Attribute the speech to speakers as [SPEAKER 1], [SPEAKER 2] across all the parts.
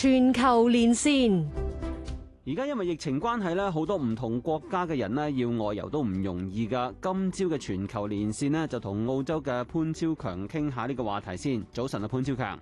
[SPEAKER 1] 全球連線，而家因為疫情關係咧，好多唔同國家嘅人咧要外遊都唔容易噶。今朝嘅全球連線就同澳洲嘅潘昭強傾下呢個話題先。早晨啊，潘昭強，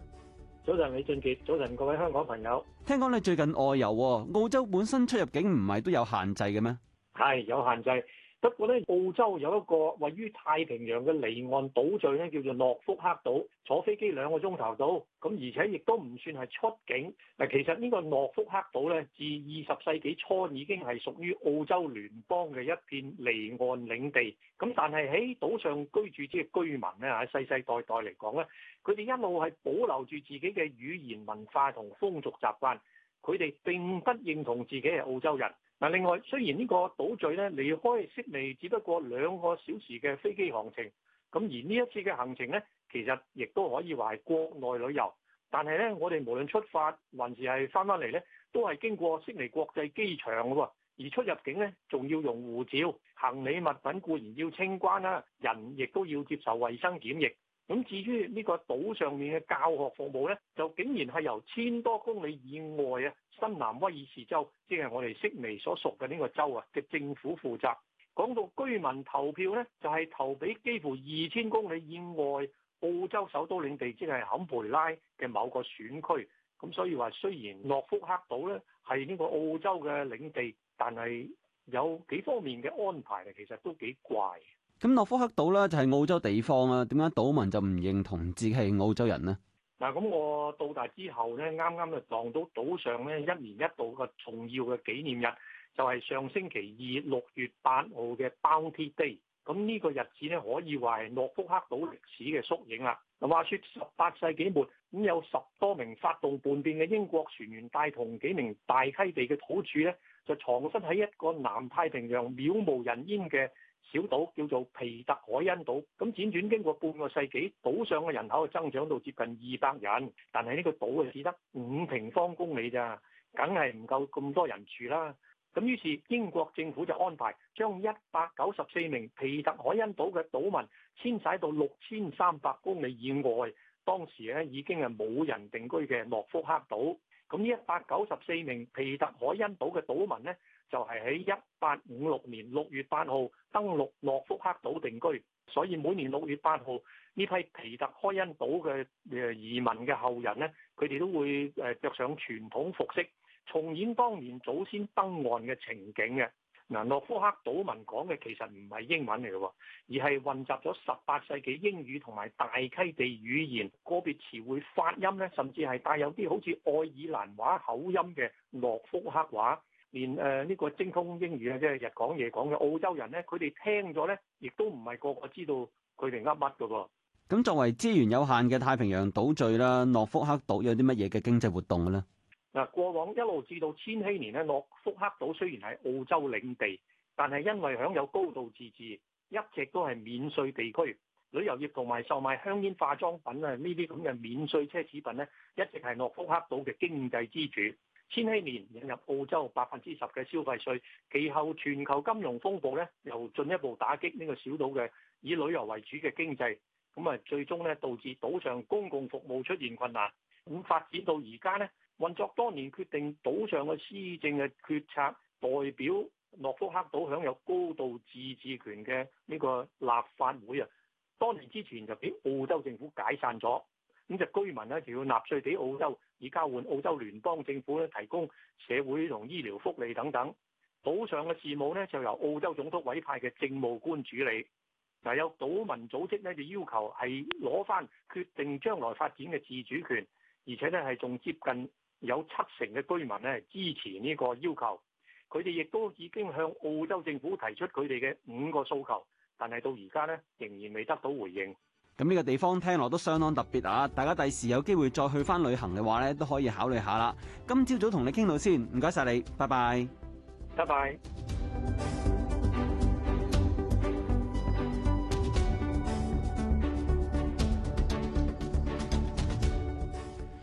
[SPEAKER 2] 早晨李俊傑，早晨各位香港朋友。
[SPEAKER 1] 聽講你最近外遊，澳洲本身出入境唔係都有限制嘅咩？係有
[SPEAKER 2] 限制。不過咧，澳洲有一個位於太平洋嘅離岸島嶼咧，叫做諾福克島，坐飛機兩個鐘頭到。咁而且亦都唔算係出境。嗱，其實呢個諾福克島咧，自二十世紀初已經係屬於澳洲聯邦嘅一片離岸領地。咁但係喺島上居住嘅居民咧，喺世世代代嚟講咧，佢哋一路係保留住自己嘅語言文化同風俗習慣。佢哋並不認同自己係澳洲人。嗱，另外雖然呢個島嶼咧，離開悉尼只不過兩個小時嘅飛機航程，咁而呢一次嘅行程咧，其實亦都可以話係國內旅遊，但係咧，我哋無論出發還是係翻返嚟咧，都係經過悉尼國際機場喎，而出入境咧，仲要用護照、行李物品固然要清關啦，人亦都要接受衞生檢疫。咁至於呢個島上面嘅教學服務呢就竟然係由千多公里以外啊，新南威爾士州，即係我哋悉尼所屬嘅呢個州啊嘅政府負責。講到居民投票呢就係投俾幾乎二千公里以外澳洲首都領地，即係坎培拉嘅某個選區。咁所以話雖然諾福克島呢係呢個澳洲嘅領地，但係有幾方面嘅安排呢其實都幾怪的。
[SPEAKER 1] 咁諾福克島咧就係澳洲地方啊，點解島民就唔認同自己係澳洲人呢？
[SPEAKER 2] 嗱，咁我到達之後咧，啱啱就撞到島上咧一年一度嘅重要嘅紀念日，就係上星期二六月八號嘅 Bounty Day。咁呢個日子咧可以話係諾福克島歷史嘅縮影啦。話說十八世紀末，咁有十多名發動叛變嘅英國船員帶同幾名大溪地嘅土著咧，就藏身喺一個南太平洋渺無人煙嘅。小島叫做皮特凱恩島，咁輾轉經過半個世紀，島上嘅人口係增長到接近二百人，但係呢個島啊只得五平方公里咋，梗係唔夠咁多人住啦。咁於是英國政府就安排將一百九十四名皮特凱恩島嘅島民遷徙到六千三百公里以外，當時咧已經係冇人定居嘅諾福克島。咁呢一百九十四名皮特凱恩島嘅島民呢，就係喺一八五六年六月八號登陸諾福克島定居，所以每年六月八號呢批皮特凱恩島嘅誒移民嘅後人呢，佢哋都會誒着上傳統服飾，重演當年祖先登岸嘅情景嘅。嗱，諾福克島民講嘅其實唔係英文嚟嘅，而係混雜咗十八世紀英語同埋大溪地語言，個別詞彙發音咧，甚至係帶有啲好似愛爾蘭話口音嘅諾福克話。連誒呢個精通英語啊，即係日講夜講嘅澳洲人咧，佢哋聽咗咧，亦都唔係個個知道佢哋噏乜㗎噃。
[SPEAKER 1] 咁作為資源有限嘅太平洋島嶼啦，諾福克島有啲乜嘢嘅經濟活動嘅咧？
[SPEAKER 2] 嗱，過往一路至到千禧年咧，諾福克島雖然係澳洲領地，但係因為享有高度自治，一直都係免稅地區。旅遊業同埋售賣香煙、化妝品啊，呢啲咁嘅免稅奢侈品咧，一直係諾福克島嘅經濟支柱。千禧年引入澳洲百分之十嘅消費稅，其後全球金融風暴咧，又進一步打擊呢個小島嘅以旅遊為主嘅經濟，咁啊，最終咧導致島上公共服務出現困難，咁發展到而家咧。運作當年，決定島上嘅施政嘅決策代表諾福克島享有高度自治權嘅呢個立法會啊。當年之前就俾澳洲政府解散咗，咁就居民咧就要納稅俾澳洲，以交換澳洲聯邦政府咧提供社會同醫療福利等等。島上嘅事務咧就由澳洲總督委派嘅政務官處理。嗱，有島民組織咧就要求係攞翻決定將來發展嘅自主權，而且咧係仲接近。有七成嘅居民咧支持呢個要求，佢哋亦都已經向澳洲政府提出佢哋嘅五個訴求，但係到而家咧仍然未得到回應。
[SPEAKER 1] 咁呢個地方聽落都相當特別啊！大家第時有機會再去翻旅行嘅話咧，都可以考慮下啦。今朝早同你傾到先，唔該晒你，拜拜，拜拜。